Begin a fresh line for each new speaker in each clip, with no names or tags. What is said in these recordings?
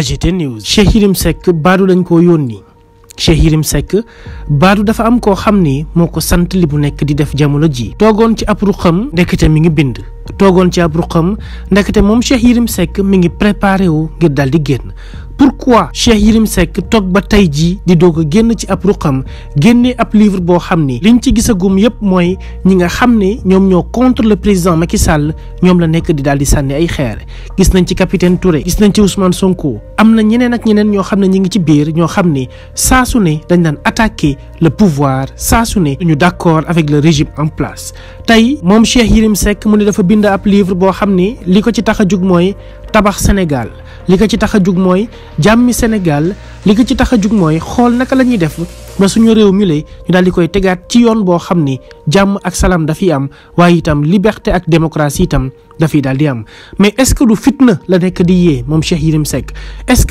AGT News Cheikh Yérim Seck baadu lañ koo yónni Cheikh Yérim Seck baadu dafa am koo xam ni moo ko sant bu nekk di def jamono ji toogoon ci ab ruqam ndekete mi ngi bind toogoon ci ab ruqam ndekete moom Cheikh Yérim Seck mi ngi préparé wu ngir dal di génn pourquoi Cheikh Yérim Seck toog ba tey jii di doog a génn ci ab ruqam génnee ab livre boo xam ni liñ ci gisagum yépp mooy ñi nga xam ne ñoom ñoo contre le président Macky sàll ñoom la nekk di daal di sànni ay xeer gis nañ ci capitaine Touré gis nañ ci Ousmane Sonko am na ñeneen ak ñeneen ñoo xam ne ñi ngi ci biir ñoo xam ni saa su ne dañ daan attaquer le pouvoir saa ne ñu d'accord avec le régime en place tey moom Cheikh Yérim Seck mu ne dafa bind ab livre boo xam ne li ko ci tax a jug mooy tabax Sénégal li ko ci tax a jug mooy jàmmi Sénégal li ko ci tax a jug mooy xool naka la ñuy def ba suñu réew mi lay ñu daal di koy tegaat ci yoon boo xam ni jàmm ak salaam dafiy am waaye itam liberté ak démocratie itam dafay daal di am mais est-ce que du fitna la nekk di yee moom Cheikh Yérim Seck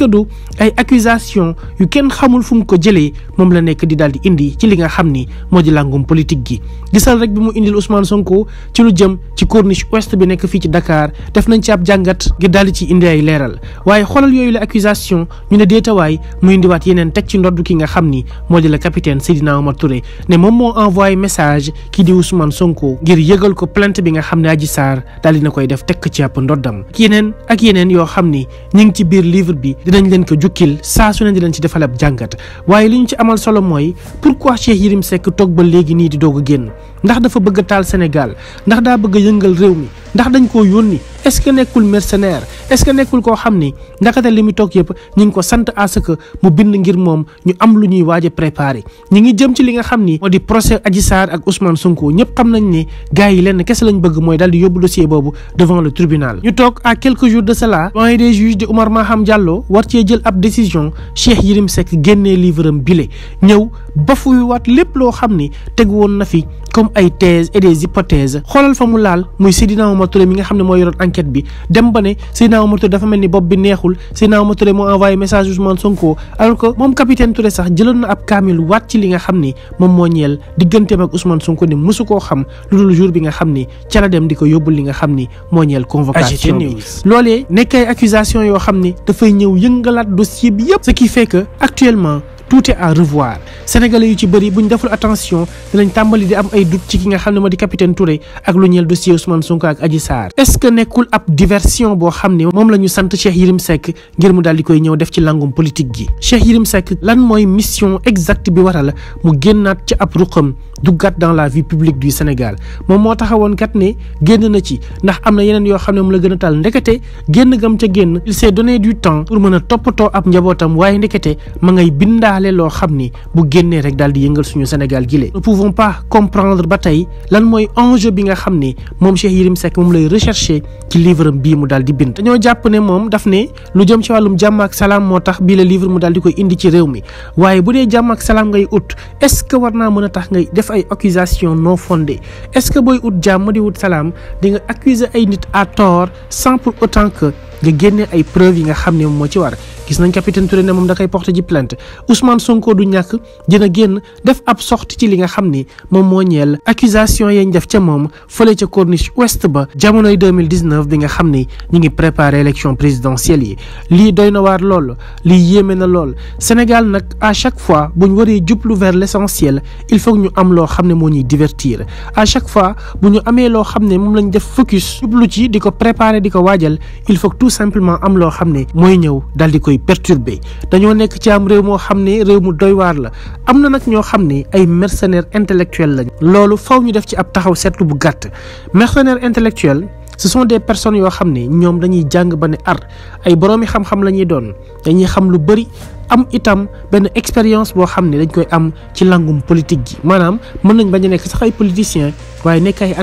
du ay accusation yu kenn xamul fu mu ko jëlee moom la nekk di daal di indi ci li nga xam ni moo di làngum politique gi gisal rek bi mu indil Ousmane Sonko ci lu jëm ci corniche ouest bi nekk fii ci Dakar def nañ ci ab jàngat ngir daal di ci indi ay leeral waaye xoolal yooyu la accusation ñu ne déetawaay mu indiwaat yeneen teg ci ndodd ki nga xam ni moo di la capitaine Seydina Omar Touré ne moom moo envoyé message ki di Ousmane Sonko ngir yëgal ko plainte bi nga xam ne Adji Sarr daal dina ko koy def tekk ci àpp ndoddam ak yeneen ak yeneen yoo xam ni ñu ngi ci biir livre bi dinañ leen ko jukkil saa su ne di ci defal ab jàngat waaye li ñu ci amal solo mooy pourquoi Cheikh Yérim sekk toog ba léegi nii di doog a génn ndax dafa bëgg a taal Sénégal ndax daa bëgg a yëngal réew mi ndax dañ koo yónni est-ce que nekkul mercenaire est-ce que nekkul ko xam ni ndakate li mu toog yëpp ñu ngi ko sant à que mu bind ngir moom ñu am lu ñuy waaj a préparé ñu ngi jëm ci li nga xam ni moo di procès Adji Sarr ak Ousmane Sonko ñëpp xam nañ ni gars yi lenn kese lañ bëgg mooy daal di yóbbu dossier boobu devant le tribunal ñu toog à quelques jours de cela doyen des juges di Oumar Maham Diallo war cee jël ab décision Cheikh Yérim Seck génnee livre am bile ñëw bafuyuwaat lépp loo xam ni tegu woon na fi comme ay thèses et des hypothèses xoolal fa mu laal muy Seydina Omar Touré mi nga xam ne moo yoroon enquête bi dem ba ne Seydina Omar Touré dafa mel ni bopp bi neexul Seydina Omar Touré moo envoyé message Ousmane Sonko alors moom capitaine Touré sax jëloon na ab kaamil waat ci li nga xam ni moom moo ñeel digganteem ak Ousmane Sonko ne mosu koo xam lu dul jour bi nga xam ni ca dem di ko yóbbul li nga xam ni moo ñeel convocation bi loolee nekk ay accusation yoo xam ni dafay ñëw yëngalaat dossier bi yëpp ce qui fait que actuellement tout est à revoir sénégalais yu ci bëri bu ñu deful attention dinañ tàmbali di am ay doute ci ki nga xam ne ma di capitaine Touré ak lu ñeel dossier Ousmane Sonko ak Adji Sarr est nekkul ab diversion boo xam ne moom la ñu sant Cheikh Yérim Seck ngir mu daal di koy ñëw def ci langum politique gi Cheikh Yérim Seck lan mooy mission exacte bi waral mu génnaat ci ab ruqam duggaat dans la vie publique du Sénégal moom moo taxawoon kat ne génn na ci ndax am na yeneen yoo xam ne mu la gën a taal ndekete génn gam ca génn il s'est donné du temps pour mën a toppatoo ab njabootam waaye ndekete ma indaale loo xam ni bu génnee rek daal di yëngal suñu Sénégal gile nous pouvons pas comprendre ba tey lan mooy enjeu bi nga xam ne moom Cheikh Yérim Seck moom lay recherché ci livre bii mu daal di bind dañoo jàpp ne moom daf ne lu jëm ci wàllum jàmm ak salaam moo tax bii la livre mu daal di koy indi ci réew mi waaye bu dee jàmm ak salaam ngay ut est-ce que war na mën a tax ngay def ay accusation non fondée est-ce que booy ut jàmm di wut salaam di nga accuser ay nit à tort sans pour autant nga génne ay preuve yi nga xam ne moom moo ci war gis nañ capitaine Touré ne moom da koy porté ji plainte Ousmane Sonko du ñàkk dina génn def ab sortie ci li nga xam ni moom moo ñeel accusation yañ def ca moom fële ca corniche ouest ba jamonoy 2019 bi nga xam ni ñu ngi préparé élection présidentielle yi lii doy na waar lool lii yéeme na lool Sénégal nag à chaque fois buñ waree jublu vers l'essentiel il faut ñu am loo xam ne moo ñuy divertir à chaque fois bu ñu amee loo xam ne moom lañ def focus jublu ci di ko préparer di ko waajal tout simplement am loo xam ne mooy ñëw daal di koy perturber dañoo nekk ci am réew moo xam ne réew mu doy la am na nag ñoo xam ne ay mercenaires intellectuels lañ loolu faw ñu def ci ab taxaw seetlu bu gàtt mercenaires intellectuels ce sont des personnes yoo xam ne ñoom dañuy jàng ba ne ar ay boroomi xam-xam la ñuy doon dañuy xam lu bëri am itam benn expérience boo xam ne dañ koy am ci langum politique gi maanaam mën nañ bañ nekk sax ay politiciens waaye nekk ay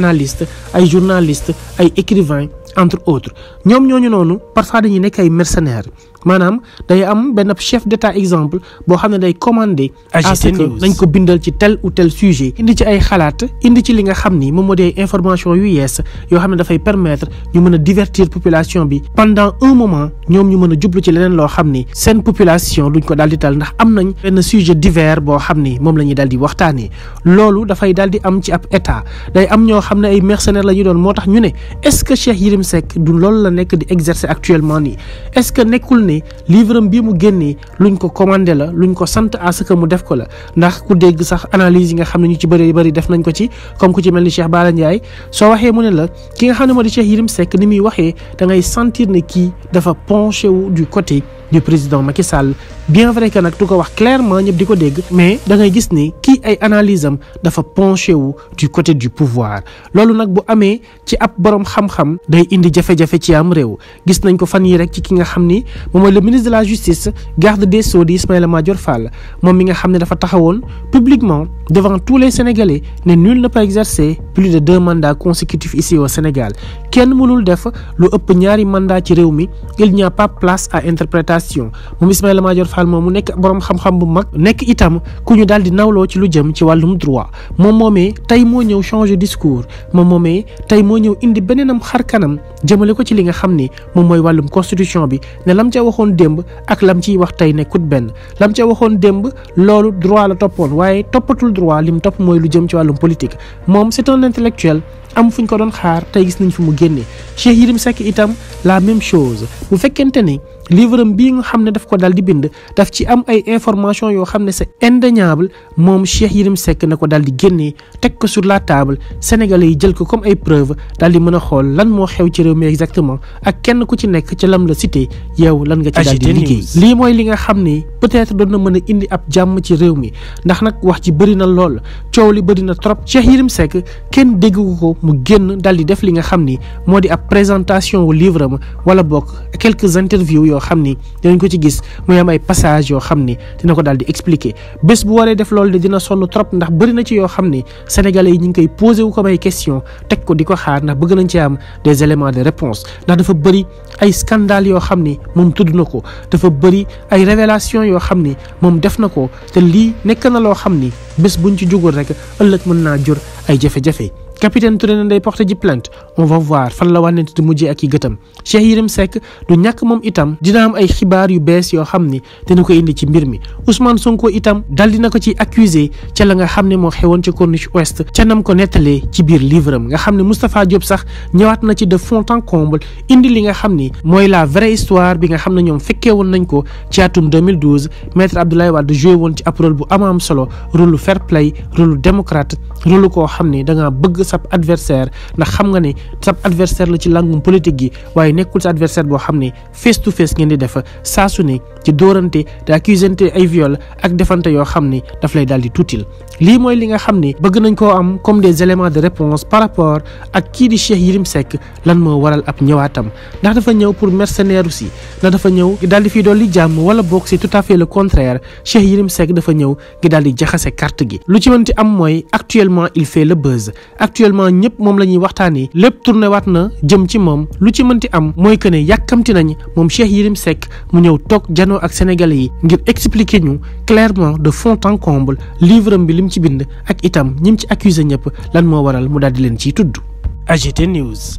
ay journalistes ay écrivains entre autres ñoom ñoo ñooñu noonu parfois dañuy nekk ay mercenaires maanaam day am benn chef d'état exemple boo xam ne day commandé à ce que nañ ko bindal ci tel ou tel sujet indi ci ay xalaat indi ci li nga xam ni moom moo di information yu yees yoo xam ne dafay permettre ñu mën a divertir population bi pendant un moment ñoom ñu mën a jublu ci leneen loo xam ni seen population luñ ko daal di ndax am nañ benn sujet divers boo xam ni moom la ñuy daal di waxtaanee loolu dafay daal di am ci ab état day am ñoo xam ne ay mercenaires la ñu doon moo tax ñu ne sekk du loolu la nekk di exercer actuellement nii est-ce que nekkul ne livre am bii mu génnee luñ ko commandé la luñ ko sant à ce mu def ko la ndax ku dégg sax analyse yi nga xam ne ñu ci bëri bari def nañ ko ci comme ku ci mel ni Cheikh Bara Ndiaye soo waxee mu ne la ki nga xam ne moo di Cheikh Yérim sekk ni muy waxee dangay ngay sentir ne kii dafa penché wu du côté du président Macky Sall bien vrai que nag du ko wax clairement ñëpp di ko dégg mais da ngay gis ni kii ay analyse am dafa penché wu du côté du pouvoir loolu nag bu amee ci ab borom xam-xam day indi jafe-jafe ci am réew gis nañ ko fan yi rek ci ki nga xam ni moom mooy le ministre de la justice garde des sceaux di Ismaïla Madior Fall moom mi nga xam ne dafa taxawoon publiquement devant tous les Sénégalais ne nul ne peut exercer plus de deux mandats consécutifs ici au Sénégal kenn mënul def lu ëpp ñaari mandat ci réew mi il n'y a pas place à interprétation moom Ismaïla Madior Fall moom mu nekk borom xam-xam bu mag nekk itam ku ñu daal di nawloo ci lu jëm ci wàllum droit moom moomee tey moo ñëw changer discours moom moomee tey moo ñëw indi beneenam xar kanam jëmale ko ci li nga xam ni moom mooy wàllum constitution bi ne lam ca waxoon démb ak lam ciy wax tey ne nekkut benn lam ca waxoon démb loolu droit la toppoon waaye toppatul droit lim topp mooy lu jëm ci wàllum politique moom c'est un intellectuel am fu ñu ko doon xaar tey gis nañ fi mu génn génnee Cheikh Yérim itam la même chose bu fekkente ni livre am bii nga xam ne daf ko daal di bind daf ci am ay information yoo xam ne c'est indéniable moom Cheikh Yérim sekk na ko daal di génnee teg ko sur la table sénégalais yi jël ko comme ay preuve daal di mën a xool lan moo xew ci réew mi exactement ak kenn ku ci nekk ca lam la cité yow lan nga ci daal di lii mooy li nga xam ne peut-être doon na mën a indi jàmm ci réew mi ndax nag wax ci bëri na lool coow li bëri na trop Cheikh Yérim Seck kenn dégg ko mu génn daal di def li nga xam ni moo di ab présentation wu livre am wala bokk quelques interviews yoo xam ni dinañ ko ci gis muy am ay passage yoo xam ni dina ko daal di expliquer bés bu waree def loolu de dina sonn trop ndax bari na ci yoo xam ni sénégalais yi ñu ngi koy posé wu ko ay question teg ko di ko xaar ndax bëgg nañ ci am des éléments de réponse ndax dafa bëri ay scandale yoo xam ni moom tudd na ko dafa bëri ay révélation yoo xam ni moom def na ko te lii nekk na loo xam ni bés buñ ci jugul rek ëllëg mën naa jur ay jafe-jafe capitaine Touré na day porté ji plainte on va voir fan la wànnente di mujjee ak yi gëtam Cheikh Yérim du ñàkk moom itam dina yoo xam ni dina ko indi ci mbir mi Ousmane Sonko itam dal dina ko ci accusé ca la nga xam ne moo xewoon ca Corniche Ouest ca nam ko nettalee ci biir livre am nga xam ne Moustapha Diop sax ñëwaat na ci de fond en comble indi li nga xam ni mooy la vraie histoire bi nga xam ne ñoom fekkee woon nañ ko ci atum 2012 maître Abdoulaye Wade joué woon ci ab rôle bu am am solo rôle fair play rôle démocrate rôle koo xam ne da nga bëgg sab adversaire ndax xam nga ne sab adversaire la ci langum politique gi waaye nekkul sa adversaire boo xam ne face to face ngeen di def saa su ne ci doorante te accusante ay viol ak defante yoo xam ne daf lay daal di tuutil lii mooy li nga xam ne bëgg nañ koo am comme des éléments de réponse par rapport ak kii di Cheikh Yérim Seck lan moo waral ab ñëwaatam ndax dafa ñëw pour mercenaire aussi ndax dafa ñëw daal di fi fiy di jàmm wala boog si tout à fait le contraire Cheikh Yérim Seck dafa ñëw ngi daal di jaxase carte gi lu ci mënti am mooy actuellement il le buzz actuellement ñëpp moom la ñuy waxtaanee lépp tourné waat na jëm ci moom lu ci mënti am mooy que ne yàkkamti nañ moom Cheikh Yérim Seck mu ñëw toog janoo ak sénégalais yi ngir expliquer ñu clairement de fond en comble livre bi lim ci bind ak itam ñim ci accusé ñëpp lan moo waral mu daal di leen ciy tudd AGT News